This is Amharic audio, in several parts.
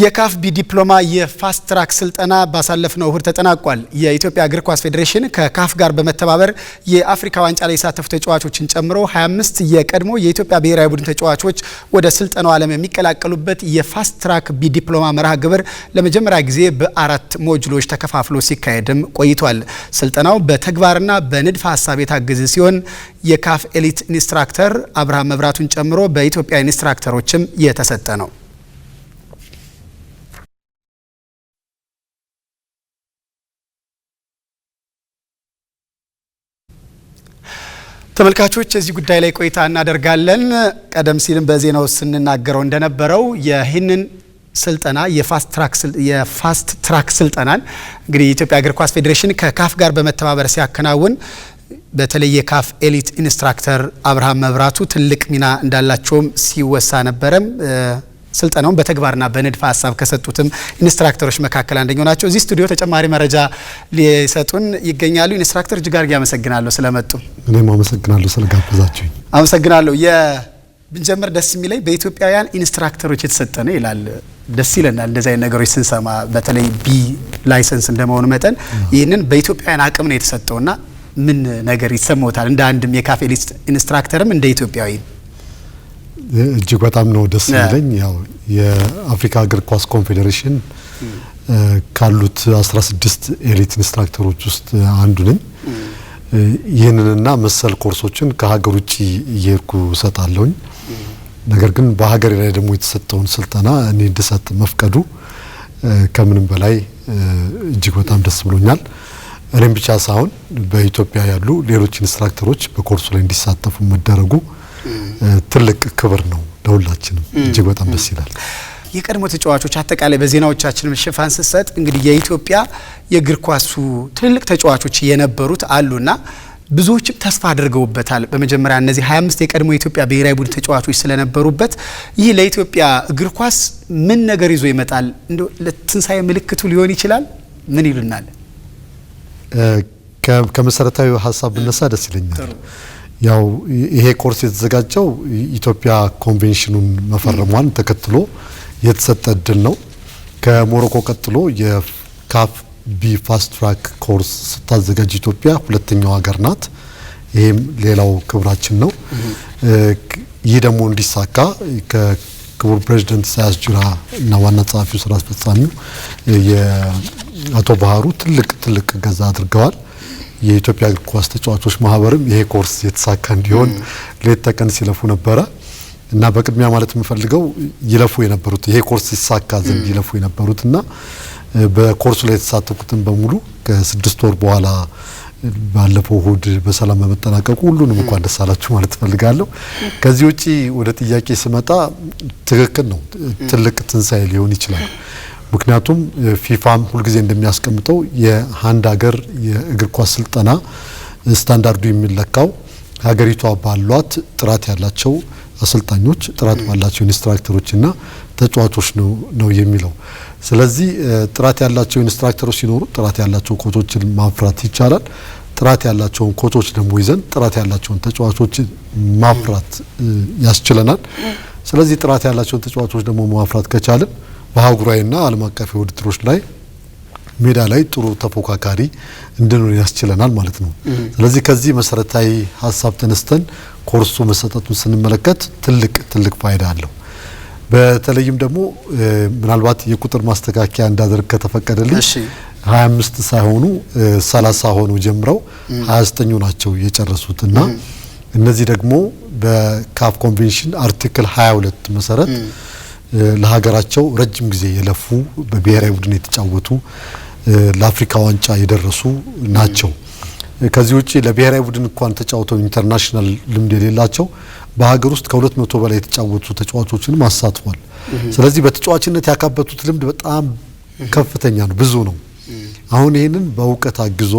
የካፍቢ ዲፕሎማ የፋስት ትራክ ስልጠና ባሳለፍነው እሁድ ተጠናቋል። የኢትዮጵያ እግር ኳስ ፌዴሬሽን ከካፍ ጋር በመተባበር የአፍሪካ ዋንጫ ላይ ሳተፉ ተጫዋቾችን ጨምሮ 25 የቀድሞ የኢትዮጵያ ብሔራዊ ቡድን ተጫዋቾች ወደ ስልጠናው ዓለም የሚቀላቀሉበት የፋስት ትራክ ቢ ዲፕሎማ መርሃ ግብር ለመጀመሪያ ጊዜ በአራት ሞጁሎች ተከፋፍሎ ሲካሄድም ቆይቷል። ስልጠናው በተግባርና በንድፈ ሀሳብ የታገዘ ሲሆን የካፍ ኤሊት ኢንስትራክተር አብርሃም መብራቱን ጨምሮ በኢትዮጵያ ኢንስትራክተሮችም የተሰጠ ነው። ተመልካቾች እዚህ ጉዳይ ላይ ቆይታ እናደርጋለን። ቀደም ሲልም በዜናው ስንናገረው እንደነበረው ይህንን ስልጠና የፋስት ትራክ ስልጠናን እንግዲህ የኢትዮጵያ እግር ኳስ ፌዴሬሽን ከካፍ ጋር በመተባበር ሲያከናውን በተለይ የካፍ ኤሊት ኢንስትራክተር አብርሃም መብራቱ ትልቅ ሚና እንዳላቸውም ሲወሳ ነበረም። ስልጠናውን በተግባርና በንድፈ ሀሳብ ከሰጡትም ኢንስትራክተሮች መካከል አንደኛው ናቸው። እዚህ ስቱዲዮ ተጨማሪ መረጃ ሊሰጡን ይገኛሉ። ኢንስትራክተር እጅግ አመሰግናለሁ ስለመጡ። እኔም አመሰግናለሁ ስለጋበዛችሁኝ። አመሰግናለሁ። ብንጀምር ደስ የሚለኝ በኢትዮጵያውያን ኢንስትራክተሮች የተሰጠ ነው ይላል። ደስ ይለናል እንደዚህ አይነት ነገሮች ስንሰማ፣ በተለይ ቢ ላይሰንስ እንደመሆኑ መጠን ይህንን በኢትዮጵያውያን አቅም ነው የተሰጠውና ምን ነገር ይሰማዎታል? እንደ አንድም የካፌ ኢንስትራክተርም እንደ ኢትዮጵያዊ እጅግ በጣም ነው ደስ የሚለኝ። ያው የአፍሪካ እግር ኳስ ኮንፌዴሬሽን ካሉት 16 ኤሊት ኢንስትራክተሮች ውስጥ አንዱ ነኝ። ይህንንና መሰል ኮርሶችን ከሀገር ውጭ እየሄድኩ እሰጣለሁኝ። ነገር ግን በሀገር ላይ ደግሞ የተሰጠውን ስልጠና እኔ እንድሰጥ መፍቀዱ ከምንም በላይ እጅግ በጣም ደስ ብሎኛል። እኔም ብቻ ሳይሆን በኢትዮጵያ ያሉ ሌሎች ኢንስትራክተሮች በኮርሱ ላይ እንዲሳተፉ መደረጉ ትልቅ ክብር ነው ለሁላችንም። እጅግ በጣም ደስ ይላል። የቀድሞ ተጫዋቾች አጠቃላይ በዜናዎቻችንም ሽፋን ስሰጥ እንግዲህ የኢትዮጵያ የእግር ኳሱ ትልልቅ ተጫዋቾች የነበሩት አሉና ብዙዎችም ተስፋ አድርገውበታል። በመጀመሪያ እነዚህ 25 የቀድሞ የኢትዮጵያ ብሔራዊ ቡድን ተጫዋቾች ስለነበሩበት ይህ ለኢትዮጵያ እግር ኳስ ምን ነገር ይዞ ይመጣል? እንደ ለትንሳኤ ምልክቱ ሊሆን ይችላል። ምን ይሉናል? ከመሰረታዊ ሀሳብ ብነሳ ደስ ይለኛል። ያው ይሄ ኮርስ የተዘጋጀው ኢትዮጵያ ኮንቬንሽኑን መፈረሟን ተከትሎ የተሰጠ እድል ነው። ከሞሮኮ ቀጥሎ የካፍ ቢ ፋስት ትራክ ኮርስ ስታዘጋጅ ኢትዮጵያ ሁለተኛው ሀገር ናት። ይህም ሌላው ክብራችን ነው። ይህ ደግሞ እንዲሳካ ከክቡር ፕሬዚደንት ኢሳያስ ጁራ እና ዋና ጸሐፊው ስራ አስፈጻሚው የአቶ ባህሩ ትልቅ ትልቅ እገዛ አድርገዋል። የኢትዮጵያ እግር ኳስ ተጫዋቾች ማህበርም ይሄ ኮርስ የተሳካ እንዲሆን ሌት ተቀን ሲለፉ ነበረ እና በቅድሚያ ማለት የምፈልገው ይለፉ የነበሩት ይሄ ኮርስ ይሳካ ዘንድ ይለፉ የነበሩት እና በኮርሱ ላይ የተሳተፉትን በሙሉ ከስድስት ወር በኋላ ባለፈው እሁድ በሰላም በመጠናቀቁ ሁሉንም እንኳን ደስ አላችሁ ማለት እፈልጋለሁ። ከዚህ ውጪ ወደ ጥያቄ ስመጣ ትክክል ነው፣ ትልቅ ትንሳኤ ሊሆን ይችላል። ምክንያቱም ፊፋም ሁልጊዜ እንደሚያስቀምጠው የአንድ ሀገር የእግር ኳስ ስልጠና ስታንዳርዱ የሚለካው ሀገሪቷ ባሏት ጥራት ያላቸው አሰልጣኞች፣ ጥራት ባላቸው ኢንስትራክተሮችና ተጫዋቾች ነው የሚለው። ስለዚህ ጥራት ያላቸው ኢንስትራክተሮች ሲኖሩ ጥራት ያላቸው ኮቾችን ማፍራት ይቻላል። ጥራት ያላቸውን ኮቾች ደግሞ ይዘን ጥራት ያላቸውን ተጫዋቾች ማፍራት ያስችለናል። ስለዚህ ጥራት ያላቸውን ተጫዋቾች ደግሞ ማፍራት ከቻልን በአህጉራዊና ዓለም አቀፍ ውድድሮች ላይ ሜዳ ላይ ጥሩ ተፎካካሪ እንድንሆን ያስችለናል ማለት ነው። ስለዚህ ከዚህ መሰረታዊ ሀሳብ ተነስተን ኮርሱ መሰጠቱን ስንመለከት ትልቅ ትልቅ ፋይዳ አለው። በተለይም ደግሞ ምናልባት የቁጥር ማስተካከያ እንዳደርግ ከተፈቀደልኝ 25 ሳይሆኑ 30 ሆኑ ጀምረው 29ኙ ናቸው የጨረሱት እና እነዚህ ደግሞ በካፍ ኮንቬንሽን አርቲክል 22 መሰረት ለሀገራቸው ረጅም ጊዜ የለፉ በብሔራዊ ቡድን የተጫወቱ ለአፍሪካ ዋንጫ የደረሱ ናቸው። ከዚህ ውጭ ለብሔራዊ ቡድን እንኳን ተጫውተው ኢንተርናሽናል ልምድ የሌላቸው በሀገር ውስጥ ከሁለት መቶ በላይ የተጫወቱ ተጫዋቾችንም አሳትፏል። ስለዚህ በተጫዋችነት ያካበቱት ልምድ በጣም ከፍተኛ ነው፣ ብዙ ነው። አሁን ይህንን በእውቀት አግዞ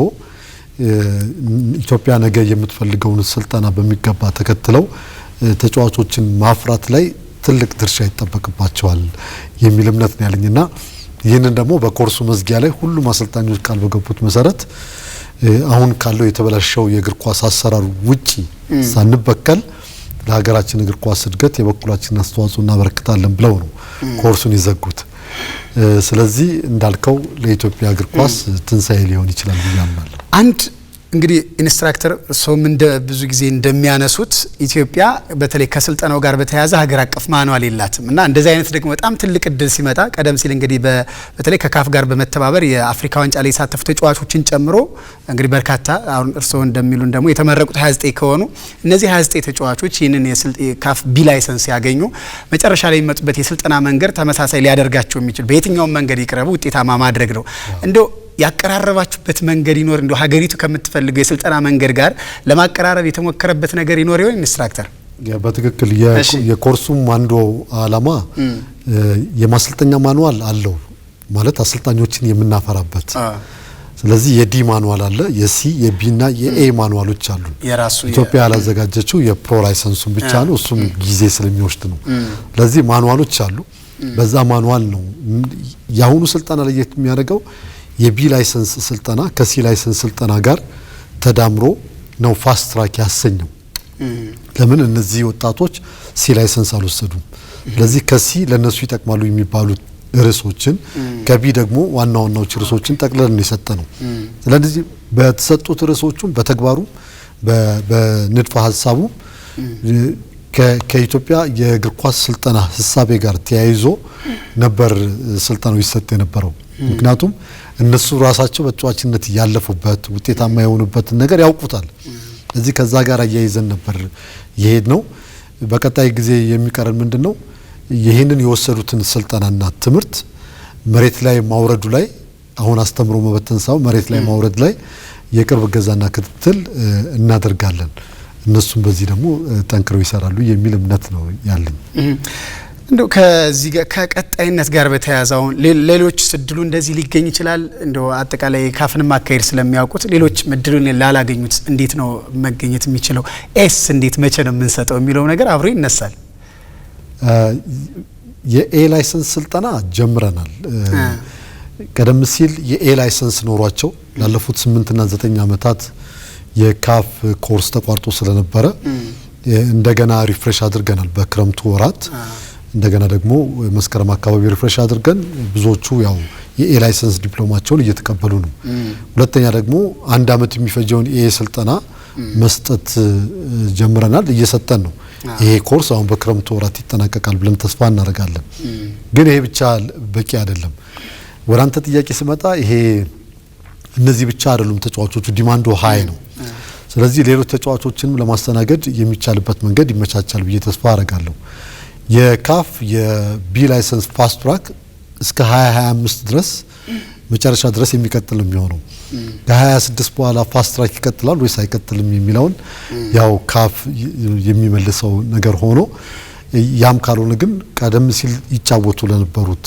ኢትዮጵያ ነገ የምትፈልገውን ስልጠና በሚገባ ተከትለው ተጫዋቾችን ማፍራት ላይ ትልቅ ድርሻ ይጠበቅባቸዋል የሚል እምነት ነው ያለኝ እና ይህንን ደግሞ በኮርሱ መዝጊያ ላይ ሁሉም አሰልጣኞች ቃል በገቡት መሰረት አሁን ካለው የተበላሸው የእግር ኳስ አሰራር ውጪ ሳንበከል ለሀገራችን እግር ኳስ እድገት የበኩላችን አስተዋጽኦ እናበረክታለን ብለው ነው ኮርሱን የዘጉት። ስለዚህ እንዳልከው ለኢትዮጵያ እግር ኳስ ትንሳኤ ሊሆን ይችላል ብዬ አንድ እንግዲህ ኢንስትራክተር ሰውም እንደ ብዙ ጊዜ እንደሚያነሱት ኢትዮጵያ በተለይ ከስልጠናው ጋር በተያያዘ ሀገር አቀፍ ማኗል የላትም እና እንደዚህ አይነት ደግሞ በጣም ትልቅ እድል ሲመጣ ቀደም ሲል እንግዲህ በተለይ ከካፍ ጋር በመተባበር የአፍሪካ ዋንጫ ላይ የሳተፉ ተጫዋቾችን ጨምሮ እንግዲህ በርካታ አሁን እርስዎ እንደሚሉን ደግሞ የተመረቁት 29 ከሆኑ እነዚህ 29 ተጫዋቾች ይህንን የካፍ ቢ ላይሰንስ ያገኙ መጨረሻ ላይ የሚመጡበት የስልጠና መንገድ ተመሳሳይ ሊያደርጋቸው የሚችል በየትኛውም መንገድ ይቅረቡ ውጤታማ ማድረግ ነው እንደው ያቀራረባችሁበት መንገድ ይኖር እንዲሁ ሀገሪቱ ከምትፈልገው የስልጠና መንገድ ጋር ለማቀራረብ የተሞከረበት ነገር ይኖር ይሆን? ኢንስትራክተር በትክክል የኮርሱም አንዱ አላማ የማሰልጠኛ ማንዋል አለው ማለት አሰልጣኞችን የምናፈራበት ስለዚህ የዲ ማንዋል አለ፣ የሲ የቢ እና የኤ ማንዋሎች አሉ። ኢትዮጵያ ያላዘጋጀችው የፕሮ ላይሰንሱን ብቻ ነው። እሱም ጊዜ ስለሚወስድ ነው። ስለዚህ ማንዋሎች አሉ። በዛ ማንዋል ነው የአሁኑ ስልጠና ለየት የሚያደርገው የቢ ላይሰንስ ስልጠና ከሲ ላይሰንስ ስልጠና ጋር ተዳምሮ ነው ፋስት ትራክ ያሰኘው። ለምን እነዚህ ወጣቶች ሲ ላይሰንስ አልወሰዱም። ስለዚህ ከሲ ለነሱ ይጠቅማሉ የሚባሉት ርዕሶችን ከቢ ደግሞ ዋና ዋናዎች ርዕሶችን ጠቅለል ነው የሰጠ ነው። ስለዚህ በተሰጡት ርዕሶቹም በተግባሩም በንድፈ ሀሳቡም ከኢትዮጵያ የእግር ኳስ ስልጠና ህሳቤ ጋር ተያይዞ ነበር ስልጠናው ይሰጥ የነበረው ምክንያቱም እነሱ ራሳቸው በተጫዋችነት እያለፉበት ውጤታማ የሆኑበትን ነገር ያውቁታል። እዚህ ከዛ ጋር አያይዘን ነበር የሄድ ነው። በቀጣይ ጊዜ የሚቀረን ምንድን ነው? ይህንን የወሰዱትን ስልጠናና ትምህርት መሬት ላይ ማውረዱ ላይ አሁን አስተምሮ መበተን ሳይሆን መሬት ላይ ማውረድ ላይ የቅርብ ገዛና ክትትል እናደርጋለን። እነሱም በዚህ ደግሞ ጠንክረው ይሰራሉ የሚል እምነት ነው ያለኝ። እንደው ከዚህ ጋር ከቀጣይነት ጋር በተያያዘ አሁን ሌሎች እድሉ እንደዚህ ሊገኝ ይችላል። እንደው አጠቃላይ ካፍን አካሄድ ስለሚያውቁት ሌሎች እድሉን ላላገኙት እንዴት ነው መገኘት የሚችለው? ኤስ እንዴት መቼ ነው የምንሰጠው የሚለው ነገር አብሮ ይነሳል። የኤ ላይሰንስ ስልጠና ጀምረናል። ቀደም ሲል የኤ ላይሰንስ ኖሯቸው ላለፉት ስምንትና ዘጠኝ ዓመታት የካፍ ኮርስ ተቋርጦ ስለነበረ እንደገና ሪፍሬሽ አድርገናል በክረምቱ ወራት እንደገና ደግሞ መስከረም አካባቢ ሪፍሬሽ አድርገን ብዙዎቹ ያው የኤ ላይሰንስ ዲፕሎማቸውን እየተቀበሉ ነው። ሁለተኛ ደግሞ አንድ አመት የሚፈጀውን ኤ ስልጠና መስጠት ጀምረናል፣ እየሰጠን ነው። ይሄ ኮርስ አሁን በክረምቱ ወራት ይጠናቀቃል ብለን ተስፋ እናደርጋለን። ግን ይሄ ብቻ በቂ አይደለም። ወደ አንተ ጥያቄ ስመጣ ይሄ እነዚህ ብቻ አይደሉም ተጫዋቾቹ፣ ዲማንዱ ሀይ ነው። ስለዚህ ሌሎች ተጫዋቾችንም ለማስተናገድ የሚቻልበት መንገድ ይመቻቻል ብዬ ተስፋ አረጋለሁ። የካፍ የቢ ላይሰንስ ፋስት ትራክ እስከ 2025 ድረስ መጨረሻ ድረስ የሚቀጥል የሚሆነው ከ26 በኋላ ፋስት ትራክ ይቀጥላል ወይስ አይቀጥልም የሚለውን ያው ካፍ የሚመልሰው ነገር ሆኖ ያም ካልሆነ ግን ቀደም ሲል ይጫወቱ ለነበሩት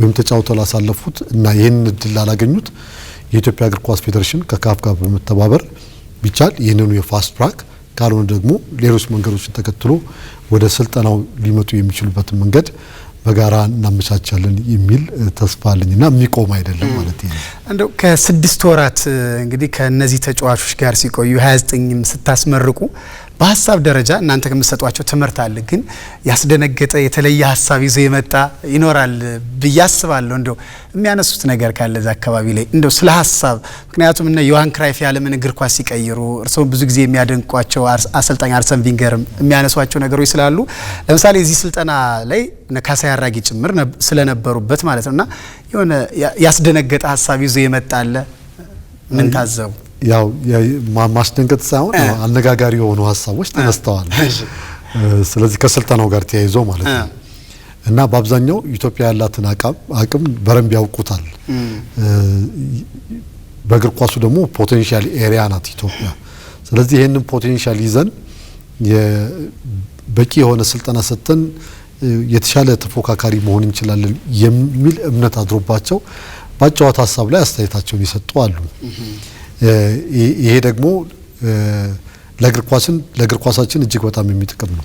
ወይም ተጫውተው ላሳለፉት እና ይህንን እድል ላላገኙት የኢትዮጵያ እግር ኳስ ፌዴሬሽን ከካፍ ጋር በመተባበር ቢቻል ይህንኑ የፋስት ትራክ ካልሆነ ደግሞ ሌሎች መንገዶችን ተከትሎ ወደ ስልጠናው ሊመጡ የሚችሉበትን መንገድ በጋራ እናመቻቻለን የሚል ተስፋ አለኝና የሚቆም አይደለም ማለት ነው። እንደው ከስድስት ወራት እንግዲህ ከነዚህ ተጫዋቾች ጋር ሲቆዩ ሀያ ዘጠኝም ስታስመርቁ በሀሳብ ደረጃ እናንተ ከምትሰጧቸው ትምህርት አለ፣ ግን ያስደነገጠ የተለየ ሀሳብ ይዞ የመጣ ይኖራል ብዬ አስባለሁ። እንደው የሚያነሱት ነገር ካለ እዛ አካባቢ ላይ እንደው ስለ ሀሳብ፣ ምክንያቱም እነ ዮሀን ክራይፍ የዓለምን እግር ኳስ ሲቀይሩ እርስዎ ብዙ ጊዜ የሚያደንቋቸው አሰልጣኝ አርሰን ቪንገርም የሚያነሷቸው ነገሮች ስላሉ ለምሳሌ እዚህ ስልጠና ላይ ካሳ ያራጊ ጭምር ስለነበሩበት ማለት ነው እና የሆነ ያስደነገጠ ሀሳብ ይዞ የመጣ አለ ምን ታዘቡ? ያው ማስደንገጥ ሳይሆን አነጋጋሪ የሆኑ ሀሳቦች ተነስተዋል። ስለዚህ ከስልጠናው ጋር ተያይዞ ማለት ነው እና በአብዛኛው ኢትዮጵያ ያላትን አቅም በረንብ ያውቁታል። በእግር ኳሱ ደግሞ ፖቴንሻል ኤሪያ ናት ኢትዮጵያ። ስለዚህ ይህንን ፖቴንሻል ይዘን በቂ የሆነ ስልጠና ሰጥተን የተሻለ ተፎካካሪ መሆን እንችላለን የሚል እምነት አድሮባቸው በጨዋታ ሀሳብ ላይ አስተያየታቸውን ይሰጡ አሉ። ይሄ ደግሞ ለእግር ኳስን ለእግር ኳሳችን እጅግ በጣም የሚጠቅም ነው።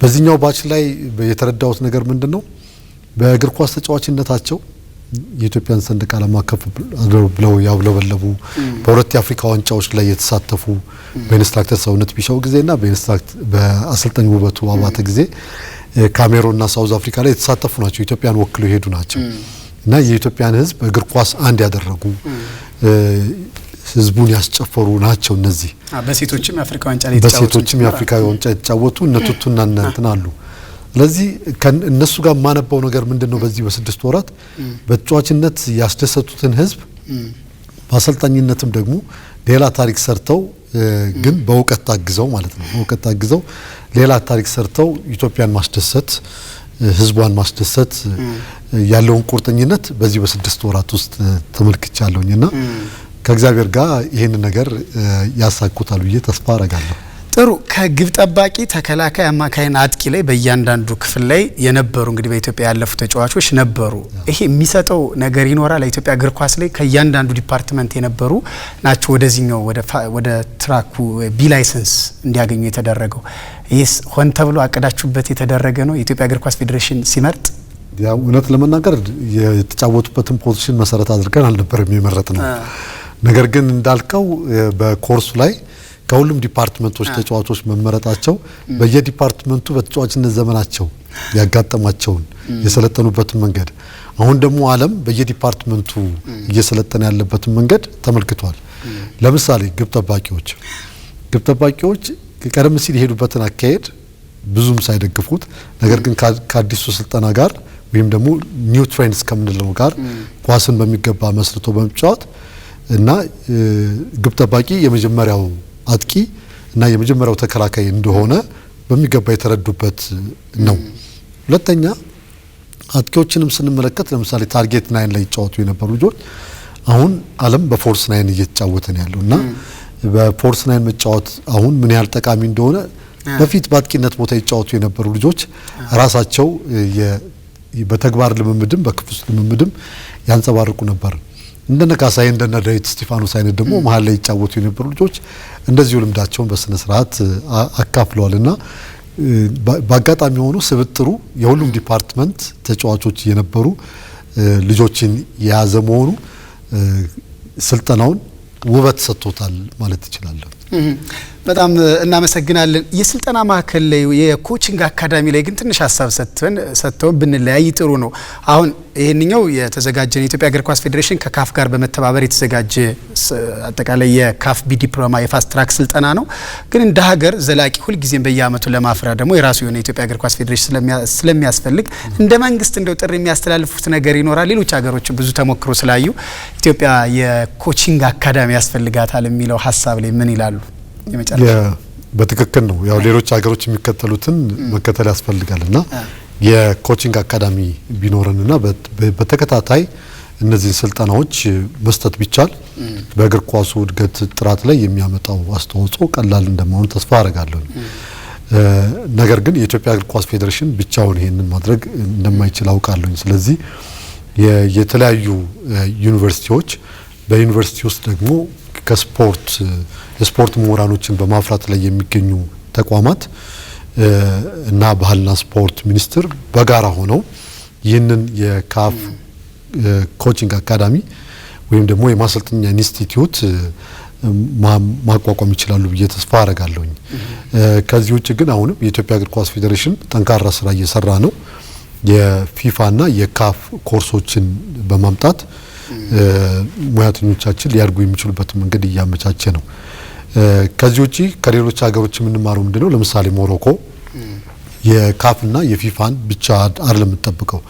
በዚህኛው ባች ላይ የተረዳሁት ነገር ምንድን ነው? በእግር ኳስ ተጫዋችነታቸው የኢትዮጵያን ሰንደቅ ዓላማ ከፍ ብለው ያውለበለቡ፣ በሁለት የአፍሪካ ዋንጫዎች ላይ የተሳተፉ በኢንስትራክተር ሰውነት ቢሻው ጊዜና በአሰልጣኝ ውበቱ አባተ ጊዜ ካሜሮንና ሳውዝ አፍሪካ ላይ የተሳተፉ ናቸው። ኢትዮጵያን ወክለው የሄዱ ናቸው እና የኢትዮጵያን ሕዝብ እግር ኳስ አንድ ያደረጉ ህዝቡን ያስጨፈሩ ናቸው። እነዚህ በሴቶችም የአፍሪካ ዋንጫ የተጫወቱ እነ ቱቱና እነ እንትን አሉ። ስለዚህ እነሱ ጋር የማነባው ነገር ምንድን ነው? በዚህ በስድስት ወራት በተጫዋችነት ያስደሰቱትን ህዝብ በአሰልጣኝነትም ደግሞ ሌላ ታሪክ ሰርተው ግን በእውቀት ታግዘው ማለት ነው። በእውቀት ታግዘው ሌላ ታሪክ ሰርተው ኢትዮጵያን ማስደሰት፣ ህዝቧን ማስደሰት ያለውን ቁርጠኝነት በዚህ በስድስት ወራት ውስጥ ተመልክቻለሁኝ እና ከእግዚአብሔር ጋር ይህንን ነገር ያሳኩታል ብዬ ተስፋ አረጋለሁ። ጥሩ ከግብ ጠባቂ፣ ተከላካይ፣ አማካይን፣ አጥቂ ላይ በእያንዳንዱ ክፍል ላይ የነበሩ እንግዲህ በኢትዮጵያ ያለፉ ተጫዋቾች ነበሩ። ይሄ የሚሰጠው ነገር ይኖራል። ለኢትዮጵያ እግር ኳስ ላይ ከእያንዳንዱ ዲፓርትመንት የነበሩ ናቸው ወደዚህኛው ወደ ትራኩ ቢ ላይሰንስ እንዲያገኙ የተደረገው። ይህ ሆን ተብሎ አቅዳችሁበት የተደረገ ነው? የኢትዮጵያ እግር ኳስ ፌዴሬሽን ሲመርጥ ያው እውነት ለመናገር የተጫወቱበትን ፖዚሽን መሰረት አድርገን አልነበረም የመረጥ ነው ነገር ግን እንዳልከው በኮርሱ ላይ ከሁሉም ዲፓርትመንቶች ተጫዋቾች መመረጣቸው በየዲፓርትመንቱ በተጫዋችነት ዘመናቸው ያጋጠማቸውን የሰለጠኑበትን መንገድ አሁን ደግሞ ዓለም በየዲፓርትመንቱ እየሰለጠነ ያለበትን መንገድ ተመልክቷል። ለምሳሌ ግብ ጠባቂዎች ግብ ጠባቂዎች ቀደም ሲል የሄዱበትን አካሄድ ብዙም ሳይደግፉት ነገር ግን ከአዲሱ ስልጠና ጋር ወይም ደግሞ ኒው ትሬንድስ ከምንለው ጋር ኳስን በሚገባ መስርቶ በመጫወት እና ግብ ጠባቂ የመጀመሪያው አጥቂ እና የመጀመሪያው ተከላካይ እንደሆነ በሚገባ የተረዱበት ነው። ሁለተኛ አጥቂዎችንም ስንመለከት ለምሳሌ ታርጌት ናይን ላይ ይጫወቱ የነበሩ ልጆች አሁን ዓለም በፎርስ ናይን እየተጫወተ ነው ያለው እና በፎርስ ናይን መጫወት አሁን ምን ያህል ጠቃሚ እንደሆነ በፊት በአጥቂነት ቦታ ይጫወቱ የነበሩ ልጆች ራሳቸው በተግባር ልምምድም በክፍል ልምምድም ያንጸባርቁ ነበር። እንደነ ካሳዬ እንደነ ዳዊት እስጢፋኖስ አይነት ደግሞ መሀል ላይ ይጫወቱ የነበሩ ልጆች እንደዚሁ ልምዳቸውን በስነ ስርዓት እና በአጋጣሚ ሆኖ ስብጥሩ የሁሉም ዲፓርትመንት ተጫዋቾች የነበሩ ልጆችን የያዘ መሆኑ ስልጠናውን ውበት ሰጥቶታል ማለት ይችላለሁ። በጣም እናመሰግናለን። የስልጠና ማዕከል ላይ የኮችንግ አካዳሚ ላይ ግን ትንሽ ሀሳብ ሰጥተን ሰጥተውን ብንለያይ ጥሩ ነው። አሁን ይህንኛው የተዘጋጀን የኢትዮጵያ እግር ኳስ ፌዴሬሽን ከካፍ ጋር በመተባበር የተዘጋጀ አጠቃላይ የካፍ ቢ ዲፕሎማ የፋስት ትራክ ስልጠና ነው። ግን እንደ ሀገር ዘላቂ ሁልጊዜም በየዓመቱ ለማፍራ ደግሞ የራሱ የሆነ የኢትዮጵያ እግር ኳስ ፌዴሬሽን ስለሚያስፈልግ እንደ መንግስት እንደው ጥሪ የሚያስተላልፉት ነገር ይኖራል። ሌሎች ሀገሮች ብዙ ተሞክሮ ስላዩ ኢትዮጵያ የኮችንግ አካዳሚ ያስፈልጋታል የሚለው ሀሳብ ላይ ምን ይላሉ? የመጨረሻ በትክክል ነው። ያው ሌሎች ሀገሮች የሚከተሉትን መከተል ያስፈልጋል እና የኮችንግ አካዳሚ እና በተከታታይ እነዚህን ስልጠናዎች መስጠት ቢቻል በእግር ኳሱ እድገት ጥራት ላይ የሚያመጣው አስተዋጽኦ ቀላል እንደመሆኑ ተስፋ አረጋለሁ። ነገር ግን የኢትዮጵያ እግር ኳስ ፌዴሬሽን ብቻውን ይሄንን ማድረግ እንደማይችል አውቃለሁኝ። ስለዚህ የተለያዩ ዩኒቨርሲቲዎች በዩኒቨርሲቲ ውስጥ ደግሞ ከስፖርት የስፖርት ምሁራኖችን በማፍራት ላይ የሚገኙ ተቋማት እና ባህልና ስፖርት ሚኒስቴር በጋራ ሆነው ይህንን የካፍ ኮችንግ አካዳሚ ወይም ደግሞ የማሰልጠኛ ኢንስቲትዩት ማቋቋም ይችላሉ ብዬ ተስፋ አረጋለሁኝ። ከዚህ ውጭ ግን አሁንም የኢትዮጵያ እግር ኳስ ፌዴሬሽን ጠንካራ ስራ እየሰራ ነው። የፊፋና የካፍ ኮርሶችን በማምጣት ሙያተኞቻችን ሊያድጉ የሚችሉበትን መንገድ እያመቻቸ ነው። ከዚህ ውጪ ከሌሎች ሀገሮች የምንማረው ምንድን ነው? ለምሳሌ ሞሮኮ የካፍና የፊፋን ብቻ አር ለምጠብቀው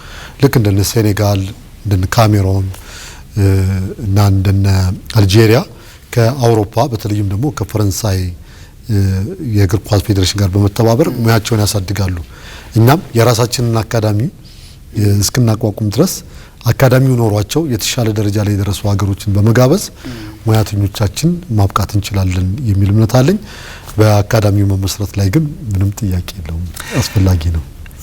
ልክ እንደነ ሴኔጋል፣ እንደነ ካሜሮን እና እንደነ አልጄሪያ ከአውሮፓ በተለይም ደግሞ ከፈረንሳይ የእግር ኳስ ፌዴሬሽን ጋር በመተባበር ሙያቸውን ያሳድጋሉ። እኛም የራሳችንን አካዳሚ እስክናቋቁም ድረስ አካዳሚው ኖሯቸው የተሻለ ደረጃ ላይ የደረሱ ሀገሮችን በመጋበዝ ሙያተኞቻችን ማብቃት እንችላለን የሚል እምነት አለኝ። በአካዳሚው መመስረት ላይ ግን ምንም ጥያቄ የለውም፣ አስፈላጊ ነው።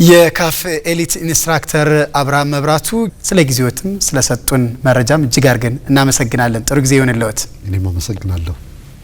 የካፍ ኤሊት ኢንስትራክተር አብርሃም መብራቱ ስለ ጊዜዎትም ስለሰጡን መረጃም እጅግ አድርገን እናመሰግናለን። ጥሩ ጊዜ ይሆንልዎት። እኔም አመሰግናለሁ።